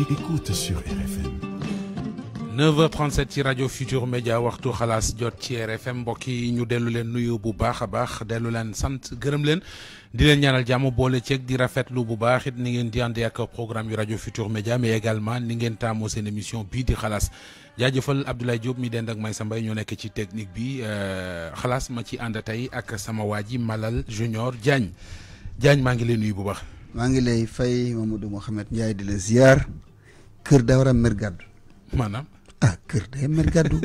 écoute sur RFM. 9h37 Radio Futur Média waxtu xalaas jot ci RFM mbokk yi ñu dellu len nuyu bu baaxa baax len sant gërëm len di len ñaanal jamm boole ceeg di bu baax di ak programme yu Radio Futur Média mais également ni ngeen tamo seen émission bi di xalaas jaajeufal Abdoulaye Diop mi dend ak ñoo ci technique bi euh, xalaas ma ci ànd ak sama Malal Junior Diagne Diagne ma ngi len nuyu bu baax. mangi lay fay Mamadou mohammed Ndiaye di la ziar keur daa war ah keur day mer gàddu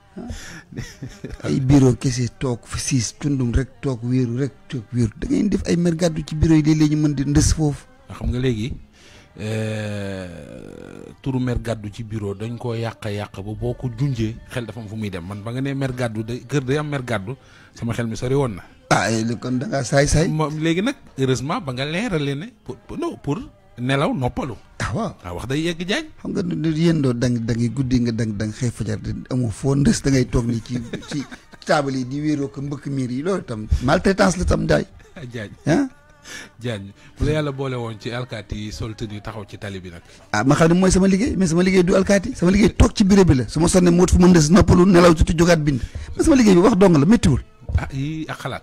ay bureau kese tok tundum rek tok wiru rek tok wiru da ngay def ay mer gàddu ci bureau yi léeg ñu mën di ndess fofu ah, xam nga euh, turu mer gàddu ci bureau dañ ko yak yak ba boo ko xel dafa am fu muy dem man ba nga né mer gàddu day am mer sama xel mi sori won na ay ah kon da nga say say mom legui nak heureusement ba nga leral leen ne pour non pour nelaw noppalu. ah ah wax day yegg jagn xam nga du yéen dang dang guddi nga dang dang xey fajar di amoo foo ndës da ngay tok ni ci ci table yi di wéeroo ko mbeuk mir yi lo tam maltraitance la tam jagn jagn hein jagn bu la yalla bolé won ci alkati yi sol tenue taxaw ci tali bi nag. ah ma xam ne mooy sama liggéey mais sama liggéey du alkati sama liggéey tok ci bureau bi la suma sonné mot fu mo ndës noppalu nelaw ci tu jogat bind sama liggéey bi wax dong la metti wul ah yi akhalat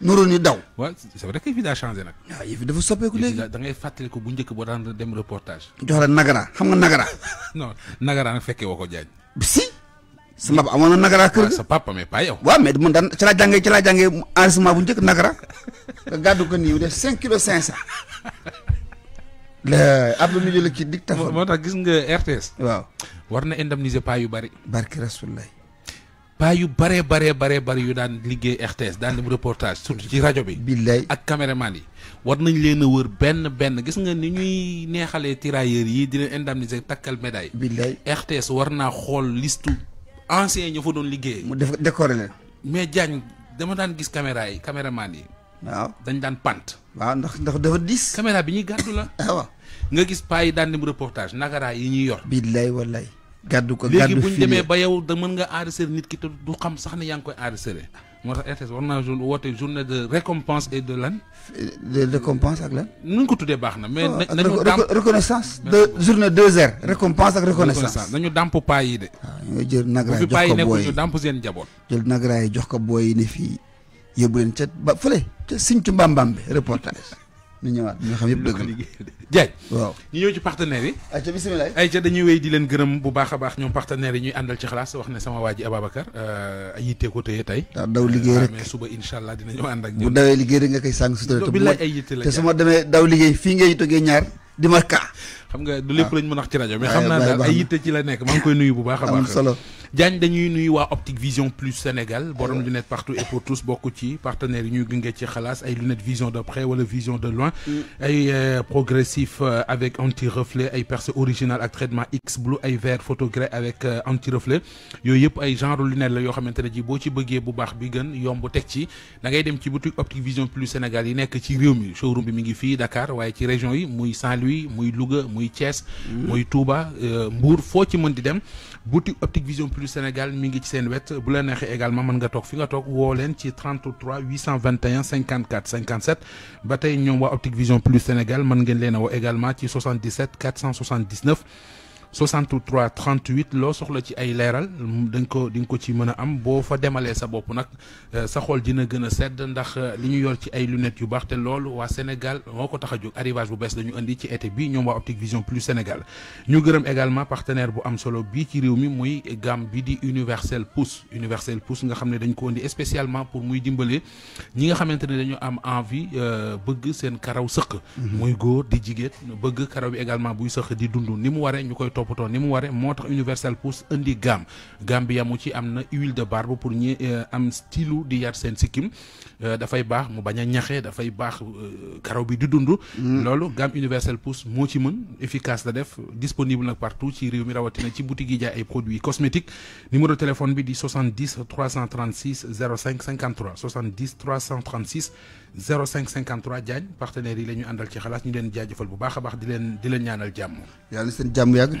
nuruni daw waaw c'est vrai que vida changer nak? Ya, nag waaw yëf yi dafa da ngay ko bu ñëk boo daan dem reportage jox la nagara xam nga nagara non nagara nak fekkee wako ko jaaj si sama papa amana nagara keur sa papa mais pas yow waaw mais mu daan ci la jangé ci la jangé enregistrement bu ñëk nagara gaddu gàddu ko nii def 5 kilo 500 le abdou milieu le ki dictaphone motax gis nga RTS waaw warna indemniser pas yu bari barki rasoulallah paa yu baree baree baree bari yu daan liggéey RTS daan dem reportage surtout ci rajo bi. billaay ak caméraman yi. war nañ leen a wër benn benn gis nga ni ñuy neexalee tirailleurs yi di leen indemniser takkal médaille. billaay RTS war naa xool listu anciens ñu fa doon liggéey. mu def décorer leen. mais Diagne dama daan gis caméra yi caméraman yi. dañ daan pant. waaw ndax ndax dafa diis. bi ñuy gàddu la. Ah, waaw nga gis paa yi daan dem reportage nagara yi ñuy yor. billaay wallaay. gàddu ko gàddu léegi bu ñu demee ba yow da mën nga enregistrer nit ki te du xam sax ne yaa ngi koy enregistrer moo tax RTS war naa woote journée de récompense et de ak lan. nu ñu ko tuddee baax na mais. Oh, nañu reconnaissance de journée deux heures. récompense ak reconnaissance nañu dàmp paa yi de. waaw ah, jël nagraay jox ko booy ñu dàmp seen njaboot. jël nagraay jox ko booy yi ne fii yóbbu leen ca ba fële ca mbaam Mbambam bi reportage. ñu ñëwaat ñu xam yëpp dëgg la Diagne waaw ñu ñëw ci partenaires yi ay ca bisimilah ay ca dañuy wéy di leen gërëm bu baax a baax ñoom partenaire yi ñuy àndal ci xalaas wax ne sama waaj ji Ababacar euh, ay yitte ko tëye tey daa daw liggéey euh, rek mais suba insha allah dinañu ànd ak bu dawee liggéey rek nga koy sàng sutura bi ay yitte la demee daw liggéey fii ngay toggee ñaar di ma kaa xam nga du lépp lañ mën a wax ci rajo mais xam naa daal ay yitte ci la nekk maa koy nuyu bu baax a baax am solo Diagne dañuy Optic Optique Vision Plus Sénégal borom lunette partout et pour tous ci partenaires vision de près wala vision de loin mm. ay euh, progressif euh, avec anti reflet ay original ak traitement X blue ay verre photogray avec euh, anti reflet ay genre de la yo ji bo ci bu Vision Plus Sénégal yi ci Dakar Saint-Louis muy Louga muy mm. dem boutique optique vision plus Sénégal mi ngi ci également Mangatok, nga tok fi nga 33 821 54 57 batay ñom optique vision plus Sénégal man ngeen également ci 77 479. 63 38 lo soxla ci ay leral dañ ko di ko ci mën am bo fa demalee sa bop nak euh, sa xol dina gën a sedd ndax euh, liñu yor ci ay lunettes yu baax te loolu waa Sénégal moo ko arrivage bu bess dañu andi ci été bi ñom wa Optique Vision Plus Sénégal ñu gëreum également partenaire bu am solo bi ci réew mi gamme bi di Universel Pouce Universel Pouce nga xamné d'un dañ ko andi spécialement pour muy dimbale ñi nga xamanteni dañu am envie euh, bëgg seen karaw sëq mhm. muy goor di jigéen bëgg karaw également buy sëq di dund ni mu waré ñukoy pour ni mu waré motax universel Universal Pousse indi gaam gambia mu ci amna huile de barbe pour ñi euh, am stylo di yar sikim sikkim euh, fay bax mu baña a da fay bax euh, karaw bi du dund mm. lolu Universal Pousse mo ci efficace la def disponible partout ci réew mi na ci boutique ay produits cosmétiques numéro de téléphone bi di 70 336 05 53 70 336 05 53 Diagne partenaires yi la ñu à ci xalaas ñu leen jaajëfal bu baax a baax di ñaanal jàmm la seen de yàgg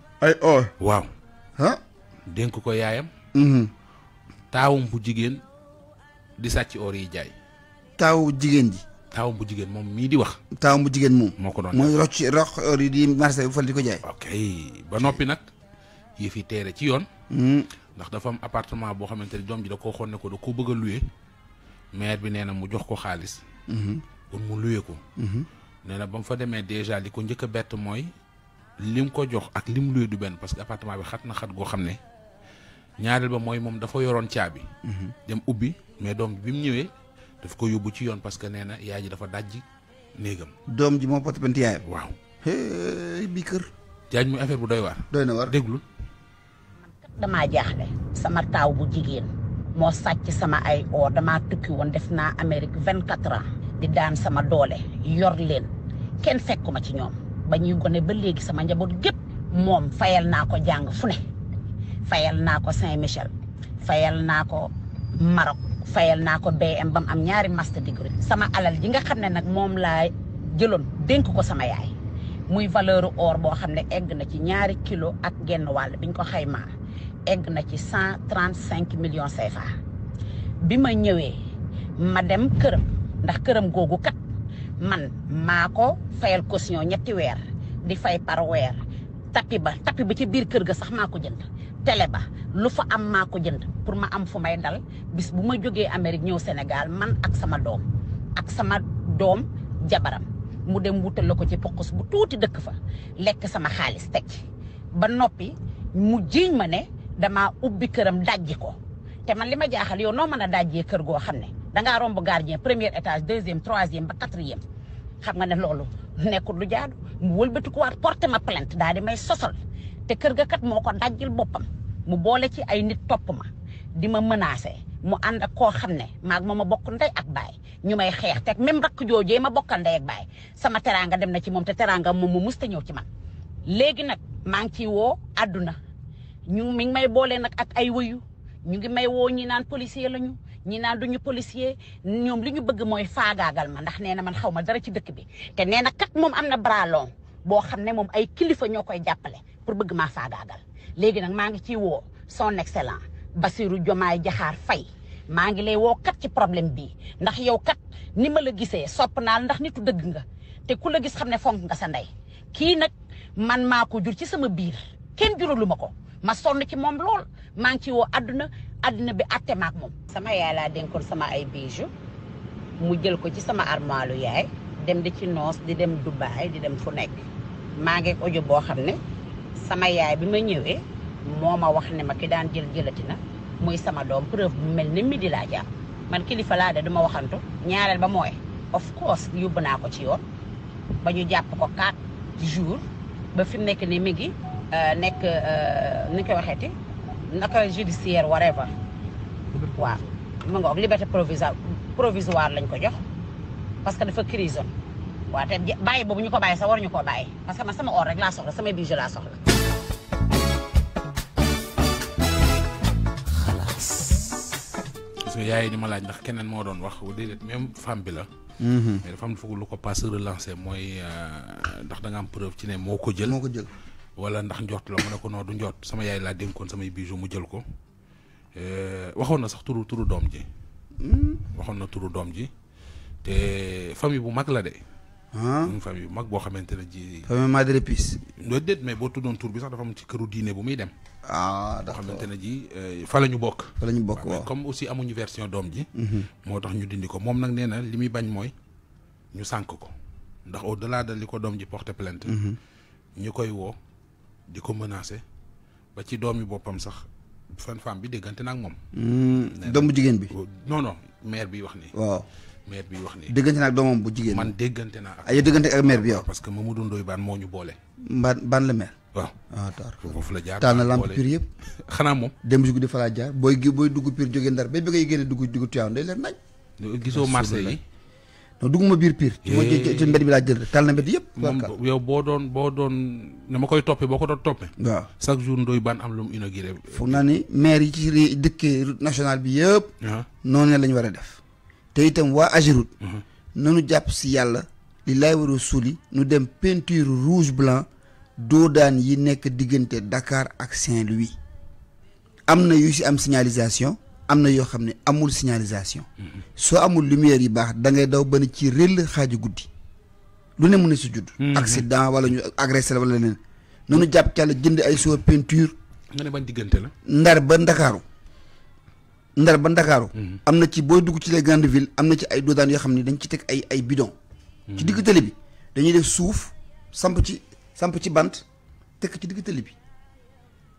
ay or waaw ah dénk ko yaayam mm-hmm. taawum bu jigéen di sàcc or yi jaay taawu jigéen ji taawum bu jigéen moom mii di wax taawum bu jigéen moom moo ko doon mooy roc roc or yi di marché bu fal di ko jaay ok ba noppi nag yi fi teere ci yoon mm-hmm. ndax dafa am appartement boo xamante ni doom ji da koo xoon ne ko da koo bëgg a maire bi nee na mu jox ko xaalis mm-hmm. pour mu luye ko nee na ba fa demee dèjà li ko njëkk a bett mooy lim ko jox ak lim luy du benn parce que appartement bi xat na xat goo xam ne ñaareel ba mooy moom dafa yoroon caabi. Mhm. dem ubbi mais doom bi mu ñëwee daf ko yóbbu ci yoon parce que nee na yaay ji dafa dajj néegam. doom ji moo potpent yaayam. waaw. bi kër. jaaj muy affaire bu doy waar. doy na waar déglu. damaa jaaxle sama taaw bu jigéen moo sàcc sama ay oo damaa tukki def naa Amérique vingt quatre di daan sama doole yor leen kenn fekkuma ci ñoom. ba ñuy gone ba léegi sama njaboot gépp moom fayal naa ko jàng fu ne fayal naa ko Saint-Michel fayal naa ko Maroc fayal naa ko BM ba mu am ñaari master degré sama alal ji nga xam ne nag moom laa jëloon dénk ko sama yaay muy valeur or boo xam ne egg na ci ñaari kilo ak genn wàll biñ ko xaymaa egg na ci cent trente cinq million CFA bi ma ñëwee ma dem këram ndax këram googu kat man maa ko fayal caution ñetti weer di fay par weer tapi ba tapi ba ci biir kër ga sax maa ko jënd tele ba lu fa am maa ko jënd pour ma am fu may dal bis bu ma jógee Amérique ñëw Sénégal man ak sama doom ak sama doom jabaram mu dem wutal la ko ci pokkus bu tuuti dëkk fa lekk sama xaalis teg ba noppi mu jiiñ ma ne dama ubbi këram dajji ko te man li ma jaaxal yow noo mën a dajjee kër goo xam ne da nga romb gardien premier étage deuxième troisième ba quatrième xam nga ne lolu nekul lu jaadu mu wëlbati ko waat ma plainte da di may sosol, te kër ga kat moko dajjil bopam mu bolé ci ay nit top ma di ma menacé mu and ak ko xam ne maag ma bokk nday ak bay ñu may xeex teg même rak jojé ma bokk nday ak bay sama teranga dem na ci mom te teranga mom mu musta ñew ci man légui nak maa ngi ciy woo ñu mi ngi may bolé nak ak ay wëyu ñu ngi may wo ñi naan policier lañu ñi naan du ñu policier ñoom lu ñu bëgg mooy faagaagal ma ndax nee na man xaw ma dara ci dëkk bi te nee na kat moom am na bras boo xam ne moom ay kilifa ñoo koy jàppale pour bëgg ma faagaagal léegi nag maa ngi ciy woo son excellence Bassirou Diomaye jaxaar fay maa ngi lay woo kat ci problème bi ndax yow kat ni ma la gisee sopp naa ndax nitu dëgg nga te ku la gis xam ne fonk nga sa ndey kii nag man maa ko jur ci sama biir kenn juralu ma ko ma sonn ci moom maa ngi ci woo àdduna àddina bi atte maak moom. sama yaay laa dénkoon sama ay bijoux mu jël ko ci sama armoire yaay dem di ci noos di dem Dubaay di dem fu nekk maa ngi audio boo xam ne sama yaay bi ma ñëwee moo ma wax ne ma ki daan jël jëlati na muy sama doom preuve mu mel ni midi laa jàpp man kilifa laa de du waxantu ñaareel ba mooy of course yóbbu naa ko ci yoon ba ñu jàpp ko quatre jours ba fi mu nekk nii mi ngi euh, nekk euh, ni ko waxeeti naka judiciaire whatever waaw mu ngoog liberté provisoire provisoire lañ ko jox parce que dafa crise waa te bàyyi boobu ñu ko bàyyi sax war ñu koo bàyyi parce que man sama or rek laa soxla samay bijou laa soxla parce que yaay ni ma laaj ndax keneen moo doon wax déedéet même femme bi la. Mhm. mais dafa am foog lu ko passe relancer mooy euh, ndax da nga am preuve ci ne moo ko jël. moo ko jël wala ndax njort la mu ne ko noo du njort sama yaay laa dénkoon samay bijoux mu jël ko euh, waxoon na sax turu turu doom ji. Hmm? waxoon na turu doom ji te famille bu mag la de. Ah. une famille bu mag boo xamante ne ji. famille Madre Pis. loolu déet mais boo tuddoon tur bi sax dafa ci këru diine bu muy dem. ah xamante ne ji euh, fa la ñu bokk. fa la ñu bokk waaw comme aussi amuñu version doom ji. Mhm. moo tax ñu dindi ko moom nag nee na li muy bañ mooy ñu sànk ko ndax au delà de li ko doom ji porté plante mhm. ñu koy woo. di ko menacer ba ci doom yi boppam sax fan bi déggante na ak moom. Hmm, doomu jigéen bi. Oh, non non maire bi wax nii. waaw maire bi wax nii. déggante na ak bu jigéen. man déggante naa ak. ay ah, déggante ak maire bi yow. parce que Mamadou Ndoye Bane moo ñu boole. mbaan Bane la maire. waaw ah taar foofu la jaar taal na lamp pire yëpp. xanaa moom. dem si guddi fa laa jaar booy gi booy dugg pire jógee ndar ba bi ngay génne dugg dugg Tivaouane day leer nañ. gisoo non dugguma biir piir eh. ci ma ci mbedd bi laa jël rek tal na mbedd yëpp yow boo doon boo doon na ma koy toppe boo ko doon toppe waaw chaque jour ndoy baan am lu mu inauguré foog naa ni maire yi ci dëkkee route nationale bi yëpp ah. noonu la ñu war a def te itam waa Ageroute mhm. nanu jàpp si yàlla li laay war a suuli nu dem peinture rouge blanc doodaan yi nekk diggante dakaar ak Saint-Louis am na yu si am signalisation am na yoo xam ne amul signalisation soo amul lumière yi baax da ngay daw bana ci réll xaaju guddi lu ne mun ne su judd mhm. accident wala ñu agressé la wala leneen nanu jàpp càll jënd ay soo peinture nga ne bañ diggante la ndar ba ndakaaru ndar ba ndakaaru mhm. na ci booy dugg ci les grandes villes am na ay doodaan yoo xam ne dañ ci teg ay ay bidon ci digg tali dañuy def suuf samp ci samp ci bant tekk ci digg tali bi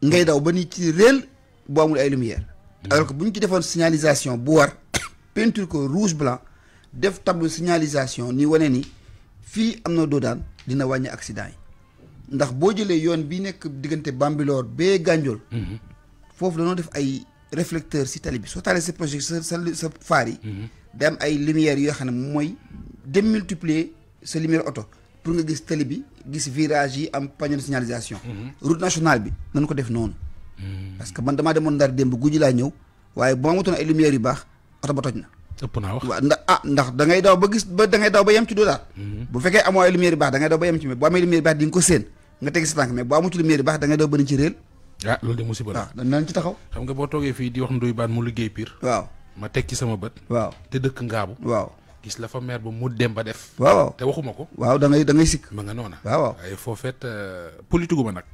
ngay daw ba ni ci réel boo amul ay lumière alors que bu ñu ci signalisation bu war peinture ko rouge blanc def tableau signalisation ni wane ni fii am dina wagné accident ndax bo jëlee yoon bi nek diggante Bambilor bee Gànjool mhm. foofu dañoo def ay réflecteur ci tali bi soo taalee projecteur ce sa faar yi dem mhm. ay lumière yo xam moy mooy démultiplier ce lumière auto pour nga gis tali bi gis virage yi am panneau de signalisation mhm. route nationale bi nañu ko def noonu Hmm. parce que man dama demone ndar démb guddi la ñew waye bu amutuna ay lumière yu bax auto ba toj na. ëpp na wax ndax ah ndax da ngay daw ba gis ba da ngay daw ba yam ci doodaal. Hmm. bu fekke amo ay lumière yu bax da ngay daw ba yam ci mais bu amé lumière bax di nga ko seen nga teg ci tank mais bu amutul lumière yu bax da ngay daw ba ci reel ah loolu de musibe la waaw nañ ci taxaw. xam nga bo toogee fi di wax nduy baat mu liggéey pir waaw ma teg ci sama bëtt waaw te dëkk ngaabu. waaw gis la fa mer bu mu dem ba def. waaw te waxuma ko. waaw da ngay da ngay sik ma nga nona waaw waaw waaye foofeet euh, politique ma nak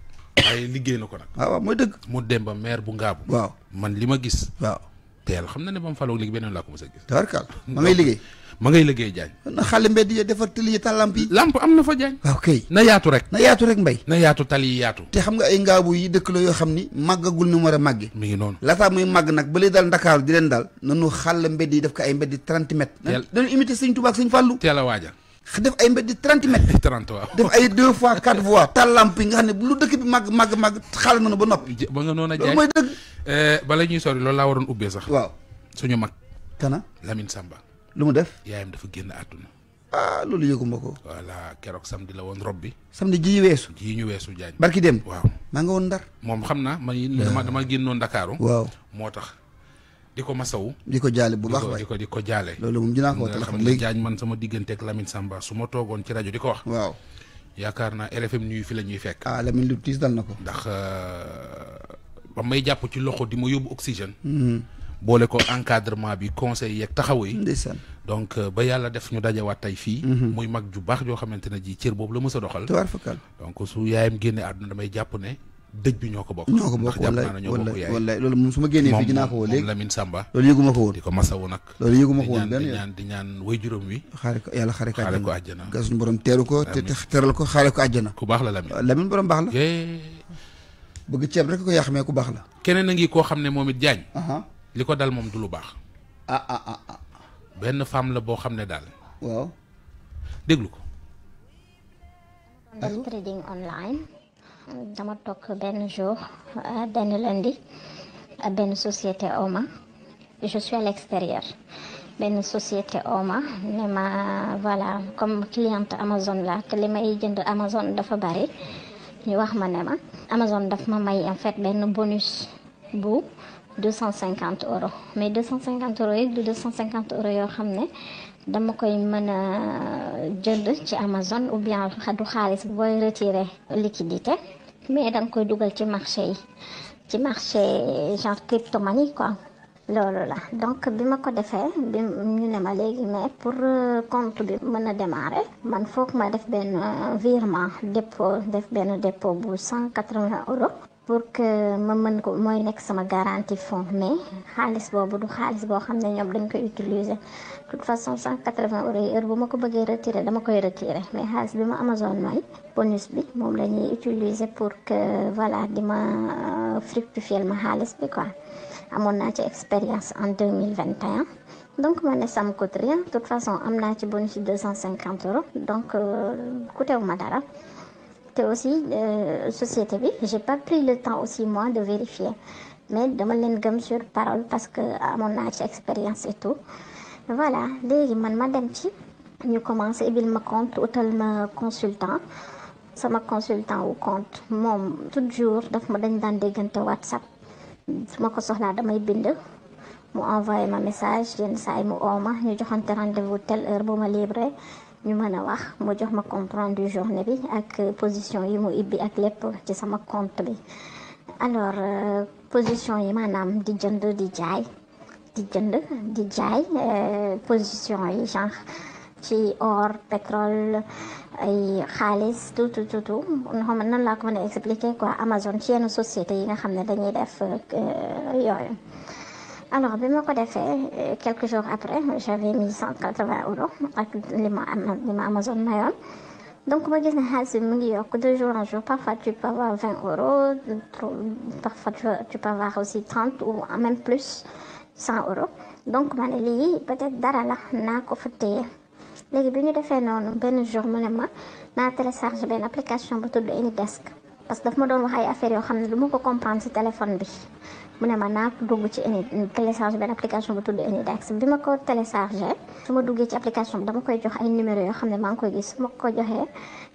waaye liggéey na ko nag. waaw ah, waaw mooy dëgg. mu dem ba maire bu ngaabu. waaw man li ma gis. waaw te xam na ne ba mu faloo léegi beneen laa ko mos a gis. tabarkaal ma ngay liggéey. ma ngay liggéey Diagne. na xale mbedd yi defar tali yi tàllamp yi. am na fa Diagne. waaw ah, na yaatu rek. na yaatu rek mbay. na yaatu tali yaatu. te xam nga ay ngaabu yi dëkk la yoo xam ni màggagul ni mu a màgge. mi ngi noonu laataa màgg nag ba lay dal Ndakaaru di leen dal. nanu xàll yi def ko ay mbedd 30 mètres. teel dañu imité sëñ Tuubaa ak sëñ Fàllu teel a waajal def ay mbedd di trente mètres. trente waaw def ay deux fois quatre voies. tàllamp nga xam ne lu dëkk bi màgg màgg màgg xaaral nga ba noppi. ba nga noonu a jaay mooy dëgg. Eh, bala loolu laa waroon ubbee sax. waaw suñu mag. kana ah? Lamine Samba. lu mu def. yaayam dafa génn àdduna. ah loolu yëguma ko. voilà keroog samedi la woon rob bi. samedi ji weesu. ji ñu weesu jaañ. barki dem waaw maa nga woon ndar. moom xam naa ma dama dama génnoon Ndakaaru. waaw moo tax. di ko masawu di ko jaale bu baax waay di ko di ko jaale loolu moom dinaa ko woo téléphone léegi jaañ man sama diggante ak Lamine Samba su ma toogoon ci rajo di ko wax waaw yaakaar naa RFM ñuy fi la ñuy fekk ah Lamine lu na ko ndax euh, ba may jàpp ci loxo di ma yóbbu oxygène mm-hmm. boole ko encadrement bi conseil yeeg taxaw yi ndeysaan donc euh, ba yàlla def ñu dajawaat tey fii mm-hmm. muy mag ju baax joo xamante ne ji cër boobu la mës a doxal donc su yaayam génne àdduna damay jàpp ne dëj bi ñoo ko bokk. ñoo ko bokk wallaay wallaay wallaay loolu moom su ma génnee fii dinaa ko woo léegi loolu yëgu ko woon di ko masawu loolu yëgu ko woon benn yoon ku baax la ceeb rek ko yàq mais ku baax la. keneen a ngi koo xam ne moom it Diagne. li ko dal moom du lu baax. ah ah ah, ah. la boo xam ne daal. waaw. déglu ko. dama toog benn jour ben lundi ben société oma je suis à l'extérieur ben société oma ne voilà comme cliente Amazon là que les may jënd Amazon dafa bari ñu wax ma Amazon daf ma may en fait un bonus bu 250 euros mais 250 euros yi du 250 euros yo xamné dama koy mëna jënd ci Amazon ou bien du xaalis boy retirer liquidité mais danga koy dugal ci marché yi ci marché genre cryptomanie quoi loolu la donc bi ma ko defee bi ñu ne ma léegi mais pour euh, compte bi mën a demaré man foog ma def benn euh, virement dépôt def benn dépôt bu cent quatre-vingts euros pour que ma mën ko mooy nekk sama garantie fond mais xaalis boobu du xaalis boo xam ne ñoom dañ koy utiliser de toute façon cent quatre-vingts euros heure bu ma ko bëggee retirer dama koy retirer mais xaalis bi ma Amazon may bonus bi moom la ñuy utiliser pour que voilà di ma euh, fructifier ma xaalis bi quoi amoon naa ci expérience en 2021. donc ma ne ça me coûte rien de toute façon am naa ci bonus 250 euros donc euh, coûté wu ma dara te aussi euh, société bi j'ai pas pris le temps aussi moi de vérifier mais dama leen gëm sur parole parce que à mon âge expérience et tout voilà les man ma dem ci ñu commencé ibil ma compte utal ma consultant sama consultant au compte mon tout jour daf ma dañ daan déggante WhatsApp su ma ko soxlaa damay bind mu envoyé ma message yenn saa yi mu ooma ñu joxante rendez-vous tel heure pour me libre ñu mën a wax mu jox ma compte rendu journée bi ak position yi mu ibbi ak lépp ci sama compte bi alors euh, position yi maanaam di jënd di jaay di jënd di jaay euh, position yi genre ci or pétrole ay xaalis tout tout tout tout xam nan laa ko mën a expliquer quoi Amazon ci yenn société yi nga xam ne dañuy def euh, yooyu alors ben, ko fait, euh, quelques jours après j'avais mis 180 euros dans les ma Amazon Mayon. donc moi, me suis dit que de jour en jour parfois tu peux avoir 20 euros parfois tu peux avoir aussi 30 ou même plus 100 euros donc je suis lii peut-être dara la naa ko fa téye léegi bi fait jour mu ne ma naa télécharge application bu parce que je ma suis wax ay je ne du téléphone mu ne ma naa dugg ci Eni télécharge benn application bu tudd Enidex bi ma ko téléchargé su ma duggee ci application bi dama koy jox ay numéro yoo xam ne maa ngi koy gis ma ko joxee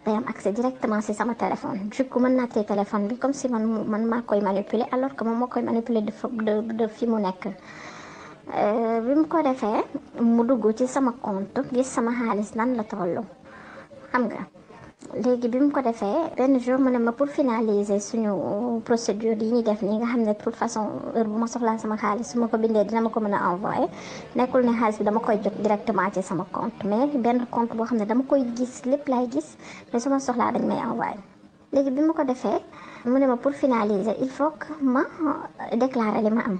day am accès directement si sama téléphone du coup mën naa téye téléphone bi comme si man man maa koy manipuler alors que moom moo koy manipuler de de fi mu nekk euh, bi mu ko defee mu dugg ci sama compte gis sama xaalis nan la toll xam nga léegi bi mu ko defee benn jour mu ne ma pour finaliser suñu procédure yi ñuy def nii nga xam ne toute façon heure bu ma soxlaa sama xaalis su ma ko bindee dina ma ko mën a envoyé nekkul ne xaalis bi dama koy jot directement ci sama compte mais benn compte boo xam ne dama koy gis lépp laay gis mais su ma soxlaa dañ may envoyé léegi bi ma ko defee mu ne ma pour finaliser il faut que ma déclarer li ma am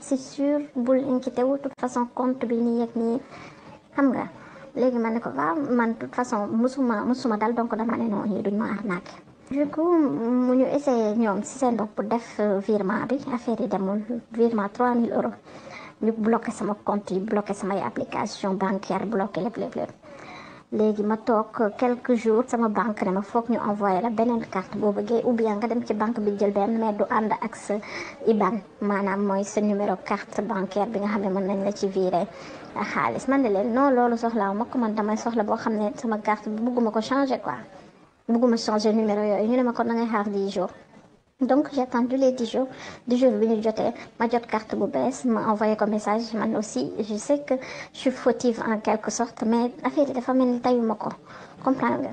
c'est sûr bul inquiété wu toute façon compte bi nii yëg nii xam nga léegi man ne ko waaw man toute façon musuma musuma dal donc dama ne noonu yi duñ ma arnaqué du mu ñu essayé ñoom si seen bopp def euh, virement bi affaire yi demul virement 3000 euros ñu bloqué sama compte yi bloqué samay application bancaire bloqué lépp lépp lépp léegi ma toog quelques jour sama banque ne ma foog ñu envoyé la beneen carte boobu bëggee ou bien nga dem ci banque bi jël benn mais du ànd ak sa IBAN maanaam mooy sa numéro carte bancaire bi nga xam ne mën nañ la ci viré xaalis man ne leen non loolu soxlaaw ma ko man damay soxla boo xam ne sama carte bi bugguma ko changé quoi bugguma changé numéro yooyu ñu ne ma kon da ngay xaar 10 jours. donc j'ai attendu les 10 jours 10 jours venir ñu ma carte bu ma envoyé comme message m'en aussi je sais que je suis fautive en quelque sorte mais affaire de famille mel ni tayuma mon comprendre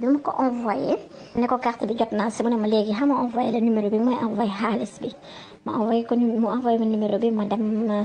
nga ma envoyé Une carte de jot c'est si mu ne ma envoyé le numéro bi moi, envoyé xaalis bi ma envoyé numéro, m'a envoyé le numéro bi ma dem euh,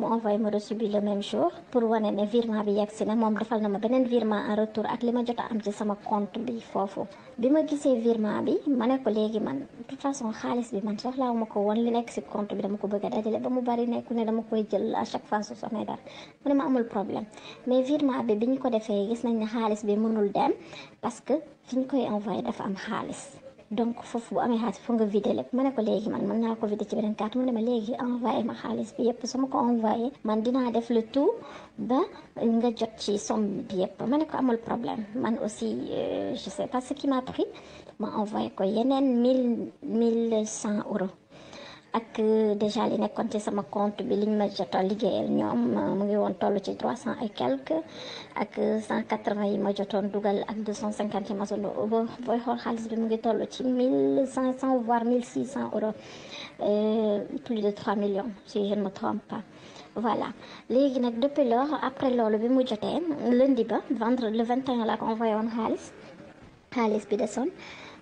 mu envoyé ma reçu bi le même jour pour wane ne virement bi yegg si na moom defal na ma beneen virement en retour ak li ma jot a am ci sama compte bi foofu bi ma gisee virement bi ma ne ko léegi man de toute façon xaalis bi man soxlaawu ma ko woon li nekk si compte bi dama ko bëgg a dajale ba mu bari nekku ne dama koy jël à chaque fois su samay dara mu ne ma amul problème mais virement bi bi ñu ko defee gis nañ ne xaalis bi mënul dem parce que fi ñu koy envoyé dafa am xaalis donc foofu bu amee xaalis foog nga vidé lépp ma ne ko léegi man mën naa ko vidé ci beneen carte mu ma léegi envoyé ma xaalis bi yëpp su ma ko envoyé man dinaa def le tout ba nga jot ci somme bi yëpp ma ne ko amul problème man aussi euh, je sais pas ce qui m'a pris ma envoyé ko yeneen mille mille cent euros ak déjà li nekkoon sur sama compte bi liñ ma jotoon liggéeyal ñoom mu ngi woon toll ci 300 et quelques ak 180 yi ma jotoon ak 250 yi ma sonn bo bi mu ngi 1500 voire 1600 euros euh, plus de 3 millions si je ne me trompe pas voilà Les nag depuis lors après lors, bi mu jotee lundi ba vendre le 21 là ko envoyé woon xaalis xaalis bi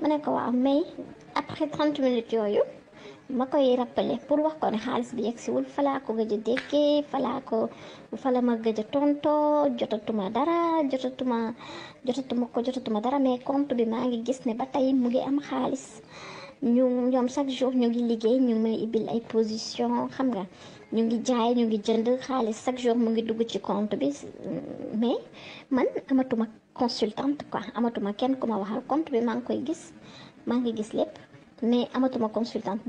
ma ne ko waaw mais après 30 minutes yooyu ma koy rappeler pour wax ko ne xaalis bi yegg siwul falaa ko gëj a dékkee falaa ko fala ma gëj a tontoo jotatuma dara jotatuma jotatuma ko jotatuma dara mais compte bi maa gis ne ba tey mu ngi am xaalis ñu ñoom chaque jour ñu ngi liggéey ñu may ibbil ay position xam nga ñu ngi jaay ñu ngi jënd xaalis chaque jour mu ngi dugg ci compte bi mais man amatuma consultante quoi amatuma kenn ku ma waxal compte bi maa ngi koy gis maa ngi gis lépp mais amatuma consultante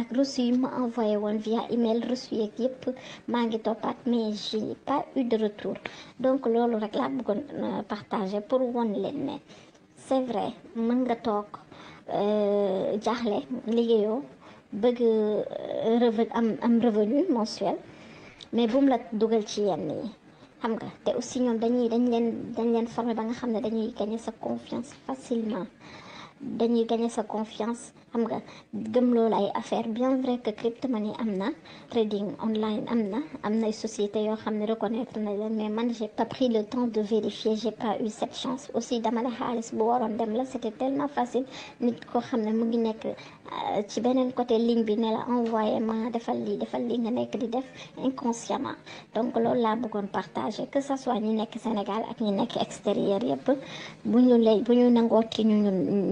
ak reçu yi ma envoyé woon via email reçu yeeg yépp maa ngi toppaat mais n'ai pas eu de retour donc loolu rek laa bëggoon euh, partager pour won leen ne c'est vrai mën nga toog euh, jaaxle liggéeyoo bëgg euh, revenu am am revenu mensuel mais la dugal ci xam aussi dañuy gagner sa confiance facilement dañuy gagner sa confiance xam nga gëmloo la ay affaire bien vrai que crypto-monnaie am na trading online am na am na société yoo xam ne reconnaître na leen mais man j'ai pas pris le temps de vérifier j'ai pas eu cette chance aussi dama la xaalis bu waroon dem la c'était tellement facile nit ko xam ne mu ngi nekk euh, ci beneen côté ligne bi ne la envoyé ma defal lii defal lii nga nekk di def inconsciemment donc loolu laa bëggoon partager que ça soit ñi nekk Sénégal ak ñi nekk extérieur yëpp bu ñu lay bu ñu nangooti ñu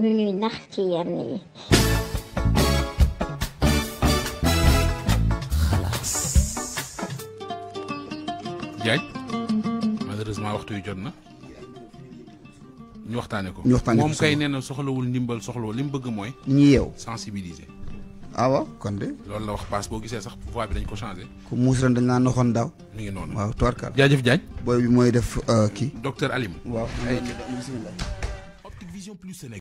ñu ñuy nax ci yenn yi Diagne malheureusement waxtu yu jot na ñu waxtaanee ko. ñu waxtaanee ko moom kay nee na soxlawul ndimbal soxlawul li mu bëgg mooy. ñu yeew sensibiliser. ah kon de. loolu la wax paas boo gisee sax voix bi dañ ko changé. ku muus dañ naan noxoon daaw. mi ngi noonu waaw tubarkaar. jaajëf jaañ booy bi mooy def euh, ki docteur Alioum. waaw.